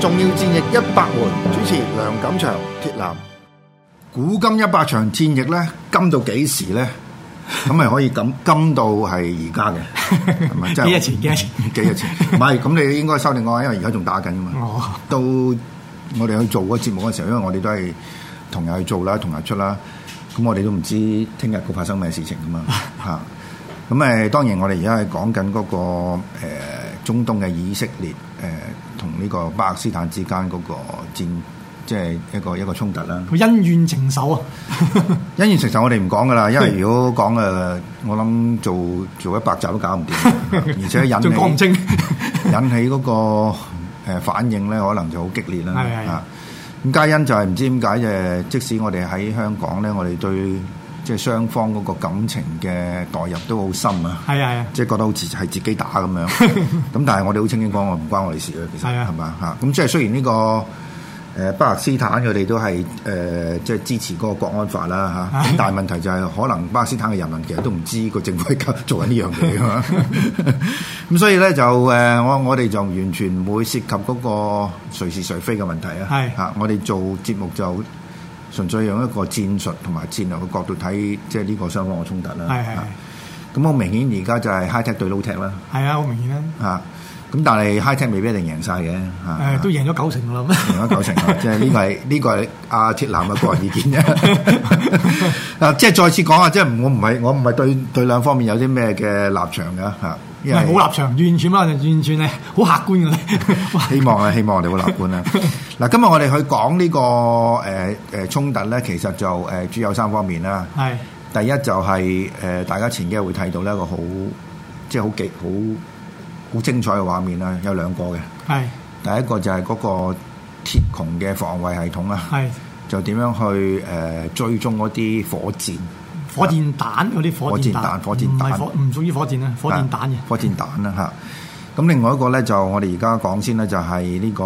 重要戰役一百回，主持梁錦祥、鐵男。古今一百場戰役咧，今到幾時咧？咁咪可以咁今到係而家嘅，係咪？即係幾日前？幾日前？幾日前？唔係，咁你應該收定案，因為而家仲打緊㗎嘛。到我哋去做嗰節目嘅時候，因為我哋都係同日去做啦，同日出啦。咁我哋都唔知聽日會發生咩事情㗎嘛。吓，咁誒，當然我哋而家係講緊嗰個誒中東嘅以色列誒。同呢個巴勒斯坦之間嗰個戰，即係一個一個衝突啦。佢恩怨情仇啊！恩怨情仇我哋唔講噶啦， 因為如果講誒，我諗做做一百集都搞唔掂， 而且引起 引起嗰個反應咧，可能就好激烈啦。係 係。咁加因就係唔知點解啫，即使我哋喺香港咧，我哋對。即係雙方嗰個感情嘅代入都好深啊！係啊係啊，即係覺得好似係自己打咁樣。咁 但係我哋好清清楚，唔關我哋事啊。其實係啊，係嘛嚇。咁即係雖然呢、呢個誒巴勒斯坦佢哋都係誒即係支持嗰個國安法啦嚇。係但係問題就係、係、可能巴勒斯坦嘅人民其實都唔知個政府做緊呢樣嘢啊嘛。咁 所以咧就誒，我我哋就完全唔會涉及嗰個誰是誰非嘅問題啊。係嚇，我哋做節目就。純粹用一個戰術同埋戰略嘅角度睇，即係呢個雙方嘅衝突啦。係係、啊，咁好明顯而家就係 high tech 對 low tech 啦。係啊，好明顯啊。啊，咁但係 high tech 未必一定贏晒嘅。嚇，誒，都贏咗九成啦。贏咗九成喇， 即係呢個係呢、呢個係阿鐵男嘅個人意見啫。 啊，即係再次講下，即係我唔係我唔係對對兩方面有啲咩嘅立場㗎嚇。啊。因為冇立場，完全啊，完全係好客觀嘅。希望啊， 希望我哋好客觀啊。嗱， 今日我哋去講呢、這個誒誒、呃呃、衝突咧，其實就誒主要有三方面啦。係第一就係誒大家前幾日會睇到呢一個好即係好極好好精彩嘅畫面啦，有兩個嘅。係第一個就係嗰個鐵穹嘅防衛系統啊，係就點樣去誒、呃、追蹤嗰啲火箭。火箭彈嗰啲火箭彈，唔係火，唔屬於火箭咧，火箭彈嘅火箭彈啦嚇。咁另外一個咧就我哋而家講先咧，就係呢個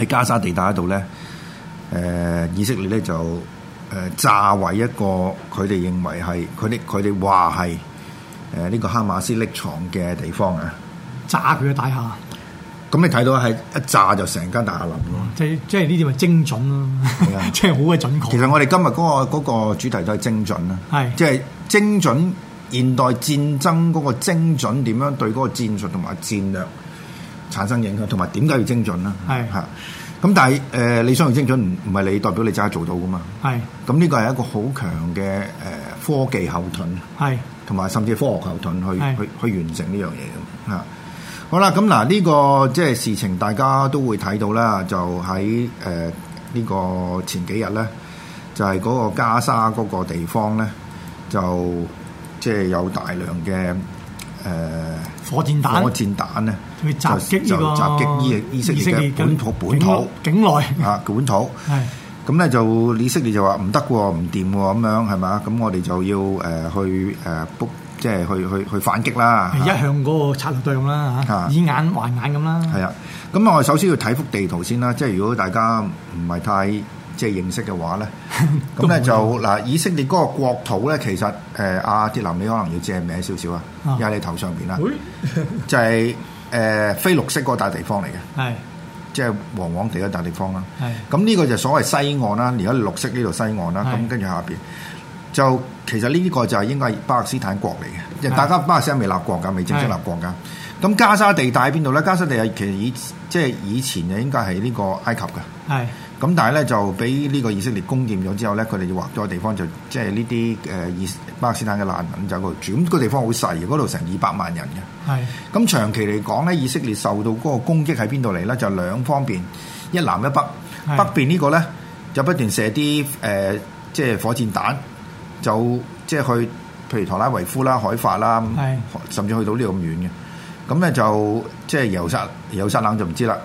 喺加沙地帶度咧，誒以色列咧就誒炸毀一個佢哋認為係佢哋佢哋話係誒呢個哈馬斯匿藏嘅地方啊，炸佢嘅大廈。咁你睇到係一炸就成間大廈冧咯、嗯，即即係呢啲咪精準咯，即係好嘅準確、啊。其實我哋今日嗰、嗰個嗰個主題都係精準啦，即係精準現代戰爭嗰個精準點樣對嗰個戰術同埋戰略產生影響，同埋點解要精準啦、啊啊？咁但係、呃、你想用精準唔唔係你代表你真係做到噶嘛？係。咁呢個係一個好強嘅、呃、科技後盾，同埋甚至科學後盾去去去，去完成呢樣嘢好啦，咁嗱、這個，呢個即係事情，大家都會睇到啦。就喺呢、呃這個前幾日咧，就係、是、嗰個加沙嗰個地方咧，就即係有大量嘅、呃、火箭彈，火箭彈咧去襲擊、這個，就襲擊以色列嘅本土本土境內啊，本土。係咁咧，就以色列就話唔得喎，唔掂喎，咁樣係咪啊？咁我哋就要、呃、去誒 book。呃即係去去去反擊啦，一向嗰個策略都係咁啦嚇，以眼還眼咁啦。係啊，咁我首先要睇幅地圖先啦。即係如果大家唔係太即係認識嘅話咧，咁 咧就嗱，以色列嗰個國土咧，其實阿、呃、鐵男，你可能要借名少少啊，喺你，你頭上邊啦， 就係、是呃、非綠色嗰大地方嚟嘅，即係、就是、黃黃地嗰大地方啦。係咁呢個就所謂西岸啦，而家綠色呢度西岸啦，咁跟住下邊。就其實呢個就係應該係巴勒斯坦國嚟嘅，因大家巴勒斯坦未立國㗎，未正式立國㗎。咁加沙地帶喺邊度咧？加沙地係其實以即係以前嘅應該係呢個埃及㗎。係。咁但係咧就俾呢個以色列攻佔咗之後咧，佢哋要劃咗個地方就即係呢啲誒巴勒斯坦嘅難民就嗰度住。咁、那個地方好細嘅，嗰度成二百萬人嘅。係。咁長期嚟講咧，以色列受到嗰個攻擊喺邊度嚟咧？就兩方面，一南一北。北邊呢個咧就不斷射啲誒、呃、即係火箭彈。就即係去，譬如特拉維夫啦、海法啦，甚至去到呢咁遠嘅。咁咧就即係油沙油沙冷就唔知啦。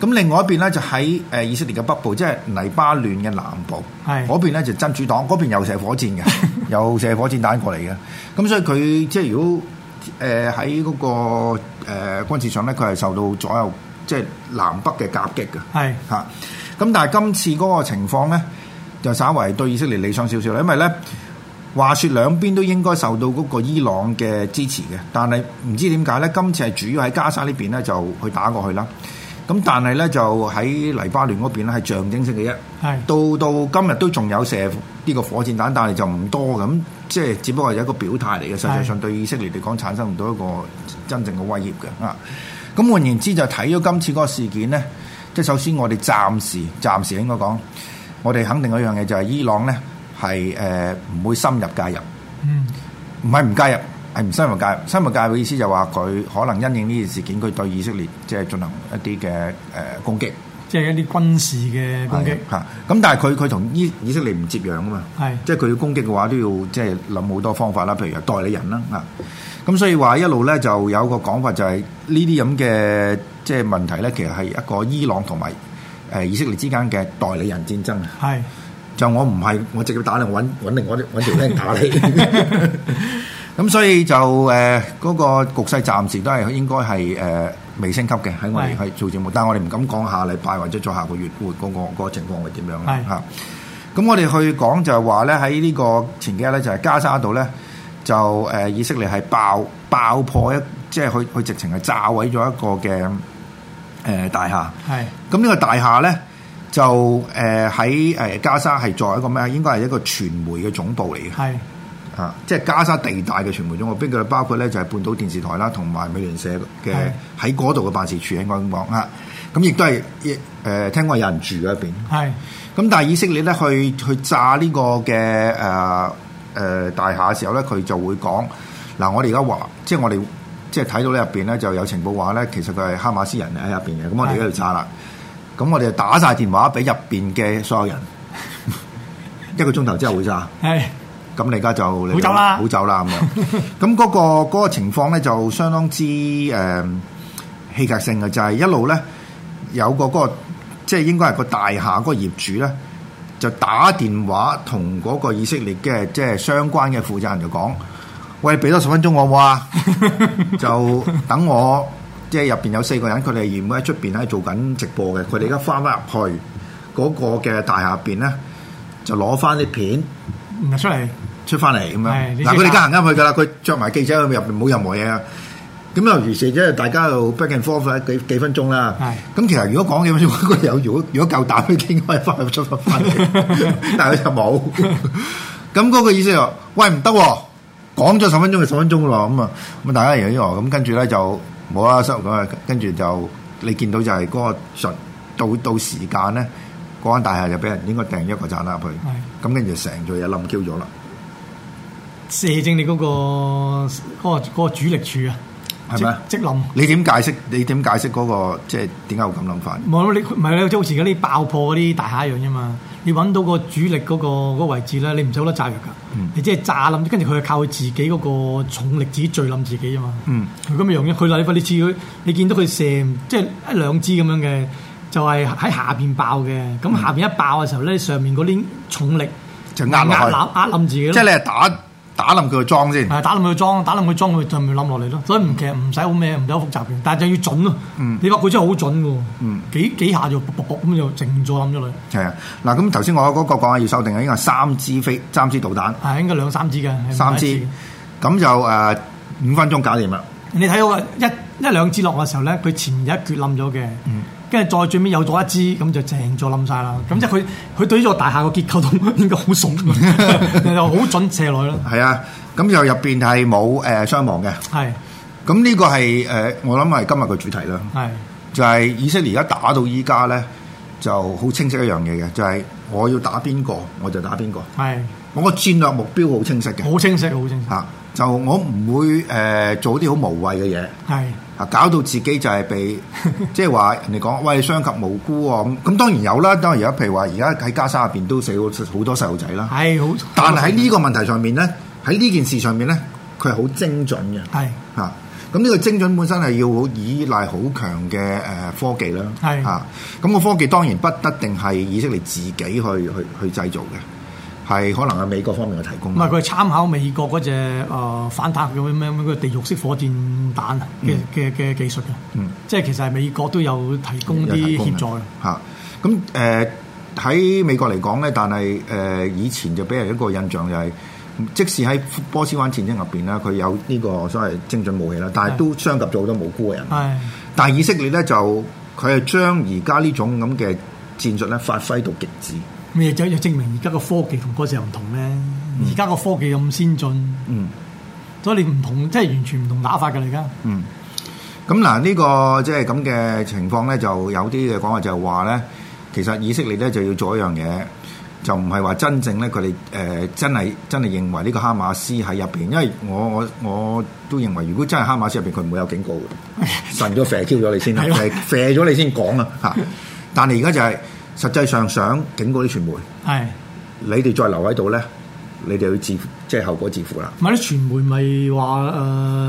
咁另外一邊咧就喺誒以色列嘅北部，即係黎巴嫩嘅南部。嗰邊咧就真主黨，嗰邊又射火箭嘅，又 射火箭彈過嚟嘅。咁所以佢即係如果喺嗰、呃嗰個軍、呃、軍事上咧，佢係受到左右即係、就是、南北嘅夾擊嘅。係咁、啊、但係今次嗰個情況咧。就稍微對以色列理想少少啦，因為咧，話說兩邊都應該受到嗰個伊朗嘅支持嘅，但係唔知點解咧，今次係主要喺加沙這邊呢邊咧就去打過去啦。咁但係咧就喺黎巴嫩嗰邊咧係象徵式嘅啫。係到到今日都仲有射呢個火箭彈，但係就唔多咁，即係只不過係一個表態嚟嘅。實際上對以色列嚟講產生唔到一個真正嘅威脅嘅啊。咁換言之，就睇咗今次嗰個事件咧，即係首先我哋暫時暫時應該講。我哋肯定嘅一樣嘢就係伊朗咧係誒唔會深入介入，唔係唔介入，係唔深入介入。深入介入嘅意思就話佢可能因應呢件事件，佢對以色列即係進行一啲嘅誒攻擊，即係一啲軍事嘅攻擊嚇。咁但係佢佢同伊以色列唔接壤啊嘛，係即係佢要攻擊嘅話都要即係諗好多方法啦，譬如代理人啦啊。咁所以話一路咧就有個講法就係呢啲咁嘅即係問題咧，其實係一個伊朗同埋。誒，以色列之間嘅代理人戰爭係就我唔係我直接打你，我搵、搵另外搵條釘打你。咁 所以就誒，嗰、呃那個局勢暫時都係應該係誒未升級嘅，喺我哋去做節目，但係我哋唔敢講下禮拜或者再下個月，會、那、嗰個、嗰、那個情況會點樣係咁、嗯、我哋去講就係話咧，喺呢個前幾日咧，就係、是、加沙度咧，就誒、呃、以色列係爆爆破一，即係佢佢直情係炸毀咗一個嘅。誒、呃、大廈，係咁呢個大廈咧，就誒喺誒加沙係作為一個咩？應該係一個傳媒嘅總部嚟嘅，係啊，即係加沙地帶嘅傳媒總部。邊個包括咧？就係、是、半島電視台啦，同埋美聯社嘅喺嗰度嘅辦事處應該咁講。咁亦都係亦誒，聽講有人住喺入邊。咁，但係以色列咧去去炸呢個嘅誒誒大廈嘅時候咧，佢就會講嗱，我哋而家話即係我哋。即係睇到咧，入邊咧就有情報話咧，其實佢係哈馬斯人喺入邊嘅，咁我哋喺度炸啦，咁我哋就打晒電話俾入邊嘅所有人，一個鐘頭之後會炸，係，咁你而家就你冇走啦，好走啦咁樣，咁 嗰、那個、那個情況咧就相當之誒戲劇性嘅，就係、是、一路咧有個嗰、那個即係、就是、應該係個大廈嗰個業主咧，就打電話同嗰個以色列嘅即係相關嘅負責人就講。喂，俾多十分鐘我話，就等我即係入邊有四個人，佢哋原本喺出邊做緊直播嘅，佢哋而家翻翻入去嗰、那個嘅大廈入邊咧，就攞翻啲片出嚟，出翻嚟咁樣。嗱佢哋而家行啱去噶啦，佢着埋記者入邊冇任何嘢。咁又如是，即係大家又 back and forth 幾幾分鐘啦。咁其實如果講嘅話，如果有，如果如果夠膽，已經可以翻去出翻 但係佢就冇。咁 嗰 個意思就，喂唔得。講咗十分鐘就十分鐘咯，咁啊，咁啊大家完咁，跟住咧就冇啦，收咁啊，跟住就，就你見到就係嗰個到到時間咧，嗰間大廈就俾人應該掟一個炸彈入去，咁跟住成座嘢冧 Q 咗啦。射正你嗰個嗰個嗰個嗰個主力柱啊，係咪啊？即冧。你點解釋？你點解釋嗰個即係點解會咁諗法？冇你唔係你好似好似嗰啲爆破嗰啲大廈一樣啫嘛。你揾到個主力嗰個嗰個位置咧，你唔使好多炸藥噶、嗯，你即係炸冧，跟住佢係靠佢自己嗰個重力自己聚冧自己啊嘛。嗯果唔一樣嘅，佢禮拜你似佢，你見到佢射，即係一兩支咁樣嘅，就係、是、喺下面爆嘅。咁、嗯、下面一爆嘅時候咧，上面嗰啲重力就壓壓冧自己。即係你係打。打冧佢裝先，係打冧佢裝，打冧佢裝佢就咪冧落嚟咯。所以唔其實唔使好咩，唔使好複雜，但係就要準咯、啊。嗯，你話佢真係好準喎、啊，嗯幾，幾幾下就卜卜卜咁就整座冧咗落嚟。係啊，嗱咁頭先我嗰個講下要修訂啊，應該係三支飛，三支導彈。係應該兩三支嘅。三支咁就誒、呃、五分鐘搞掂啦。你睇好啊，一一兩支落嘅時候咧，佢前面有一橛冧咗嘅。嗯。跟住再轉面有咗一支，咁就成咗冧晒啦。咁即係佢佢對呢座大廈個結構都應該好聰，又 好 準借落咯。係啊，咁又入邊係冇誒傷亡嘅。係，咁呢個係誒、呃、我諗係今日個主題啦。係，就係、是、以色列而家打到依家咧，就好清晰一樣嘢嘅，就係、是、我要打邊個我就打邊個。係，我個戰略目標好清晰嘅，好清晰，好清晰。啊就我唔會誒、呃、做啲好無謂嘅嘢，係啊，搞到自己就係被即係話人哋講 喂傷及無辜喎，咁，咁當然有啦，當而家譬如話而家喺加沙入面都死好好多細路仔啦，係好，但係喺呢個問題上面咧，喺呢件事上面咧，佢係好精準嘅，係，咁呢個精準本身係要好依賴好強嘅、呃、科技啦，係，咁、啊個科技當然不得定係以色列自己去去去製造嘅。係可能係美國方面嘅提供的。唔係佢係參考美國嗰隻誒反彈咁樣咁嗰個地獄式火箭彈嘅嘅嘅技術嘅。嗯，即係其實係美國都有提供啲協助的。嚇，咁誒喺美國嚟講咧，但係誒、呃、以前就俾人一個印象就係、是，即使喺波斯灣戰爭入邊啦，佢有呢個所謂精準武器啦，但係都傷及咗好多無辜嘅人。係，但係以色列咧就佢係將而家呢種咁嘅戰術咧發揮到極致。咩就就證明而家個科技同嗰時候唔同咧？而家個科技咁先進，嗯，所以你唔同，即係完全唔同打法㗎啦而家。嗯，咁嗱呢個即係咁嘅情況咧，就有啲嘅講法就係話咧，其實以色列咧就要做一樣嘢，就唔係話真正咧佢哋誒真係真係認為呢個哈馬斯喺入邊，因為我我我都認為如果真係哈馬斯入邊，佢唔會有警告嘅，順咗射焦咗你先啦，射 咗你先講啊嚇！但係而家就係、是。實際上想警告啲傳媒，你哋再留喺度咧，你哋要自即係後果自負啦。唔係，啲傳媒咪話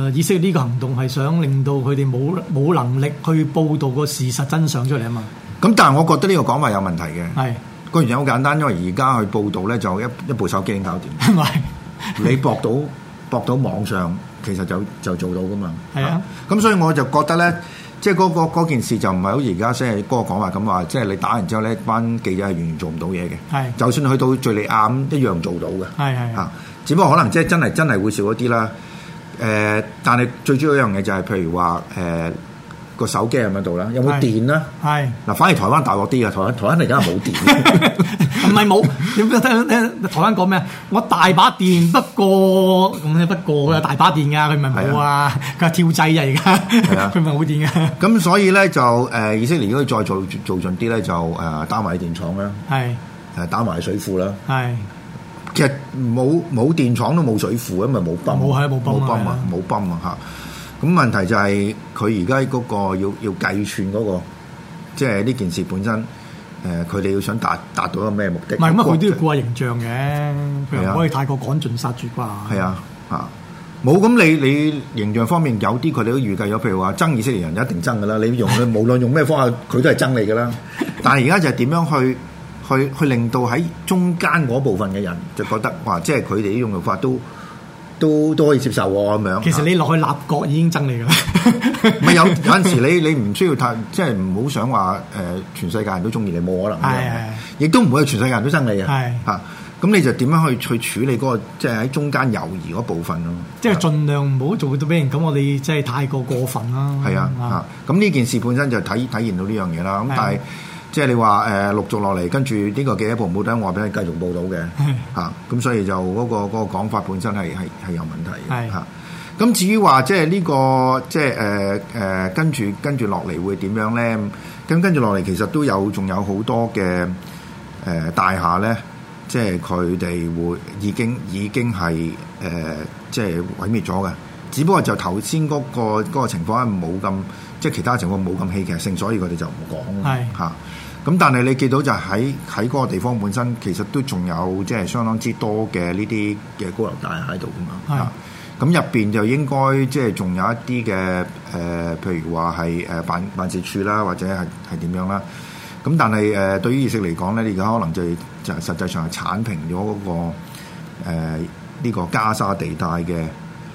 誒以色列呢個行動係想令到佢哋冇冇能力去報導個事實真相出嚟啊嘛。咁但係我覺得呢個講話有問題嘅。係個原因好簡單，因為而家去報導咧就一一部手機已經搞掂。唔係你駁到 駁到網上，其實就就做到噶嘛。係啊，咁所以我就覺得咧。即係、嗰、嗰、個、件事就唔係好似而家即係嗰個講話咁話，即係你打完之後咧，班記者係完全做唔到嘢嘅。係，就算去到敍利亞一樣做到嘅。係係啊，只不過可能即係真係真係會少一啲啦。誒、呃，但係最主要一樣嘢就係、係、譬如話誒。呃個手機係咪度啦？有冇電啦？係嗱，反而台灣大鑊啲啊！台灣台灣嚟緊係冇電 ，唔係冇。你睇睇台灣講咩？我大把電不，不過咁你不過佢大把電噶，佢咪冇啊！佢係跳掣啊！而家佢咪冇電嘅。咁所以咧就誒，以色列如果再做做盡啲咧，就誒打埋電廠啦，係誒打埋水庫啦。係其實冇冇電廠都冇水庫，因為咪冇泵，冇冇泵啊，冇泵啊嚇。咁問題就係佢而家嗰個要要計算嗰、嗰個，即係呢件事本身，佢、呃、哋要想達，達到一個咩目的？唔係，佢都要顧下形象嘅，唔可以太過趕盡殺絕啩。係啊，啊，冇咁你你形象方面有啲佢哋都預計咗，譬如話憎以色列人就一定憎噶啦，你用你無論用咩方法，佢 都係憎你噶啦。但係而家就係點樣去去去令到喺中間嗰部分嘅人就覺得哇，即係佢哋呢種做法都。都都可以接受咁樣。其實你落去立國已經憎 你㗎，唔係，有有陣時你你唔需要太即係唔好想話誒全世界人都中意你，冇可能嘅。亦都唔會全世界人都憎你啊。咁你就點樣去去處理嗰個即係喺中間友誼嗰部分咯？即係盡量唔好做到俾人咁，我哋即係太過過分啦。係啊嚇，咁呢件事本身就體體現到呢樣嘢啦。咁但係。即係你話、呃、續個個話誒陸續落嚟，跟住呢個記者部冇等我俾你繼續報道嘅嚇。咁所以就嗰、嗰個嗰講、嗰個、法本身係係有問題嘅咁、啊、至於話即係、呢個呃呃、呢個即係跟住跟住落嚟會點樣咧？咁跟住落嚟其實都有仲有好多嘅、呃、大廈咧，即係佢哋會已經已經係、呃、即係毀滅咗嘅。只不過就頭先嗰個嗰、嗰個情況冇咁即係其他情況冇咁戲劇性，所以佢哋就唔講係嚇。咁但係你見到就喺喺嗰個地方本身，其實都仲有即係相當之多嘅呢啲嘅高樓大廈喺度噶嘛。係。咁入邊就應該即係仲有一啲嘅誒，譬如話係誒辦辦事處啦，或者係係點樣啦。咁但係誒、呃、對於意識嚟講咧，你而家可能就就實際上係剷平咗嗰、那個呢、呃這個加沙地帶嘅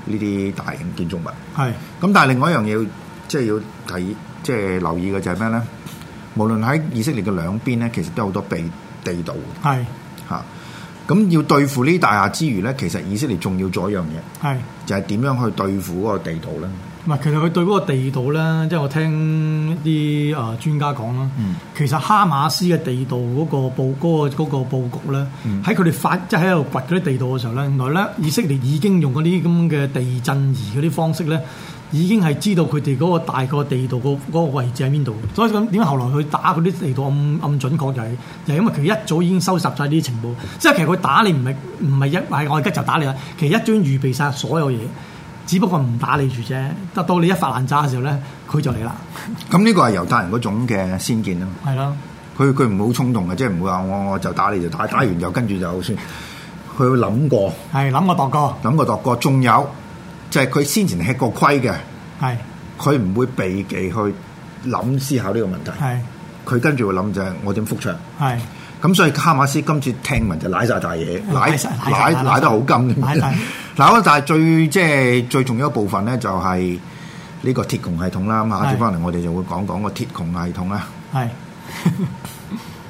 呢啲大型建築物。係。咁但係另外一樣嘢，即、就、係、是、要睇即係留意嘅就係咩咧？無論喺以色列嘅兩邊咧，其實都有好多地地道嘅，係吓，咁、嗯、要對付呢啲大廈之餘咧，其實以色列仲要做一樣嘢，係就係點樣去對付嗰個地道咧。唔係，其實佢對嗰個地道咧，即係我聽啲誒、呃、專家講啦、嗯。其實哈馬斯嘅地道嗰、嗰個嗰個嗰個佈哥嗰個佈局咧，喺佢哋發即係喺度掘嗰啲地道嘅時候咧，原來咧以色列已經用嗰啲咁嘅地震儀嗰啲方式咧，已經係知道佢哋嗰個大概地道個嗰、嗰個位置喺邊度。所以咁點解後來佢打嗰啲地道咁咁準確，就係，就係就係因為佢一早已經收集曬啲情報。即係其實佢打你唔係唔係一係我而家就打你啦，其實一張預備晒所有嘢。只不過唔打理你住啫，得到你一發爛渣嘅時候咧，佢就嚟啦。咁呢個係猶太人嗰種嘅先見啊。係咯，佢佢唔好衝動嘅，即係唔會話我我就打理你就打，打完又跟住又先。佢會諗過，係諗過度過，諗過度過。仲有就係、係、佢先前吃過虧嘅，係佢唔會避忌去諗思考呢個問題。係佢跟住會諗就係我點復場？係。咁所以哈馬斯今次聽聞就攋晒大嘢，攋攋攋得好緊。嗱，但係最即係最重要一部分咧，就係呢個鐵穹系統啦。咁下一次翻嚟我哋就會講講個鐵穹系統啦。係。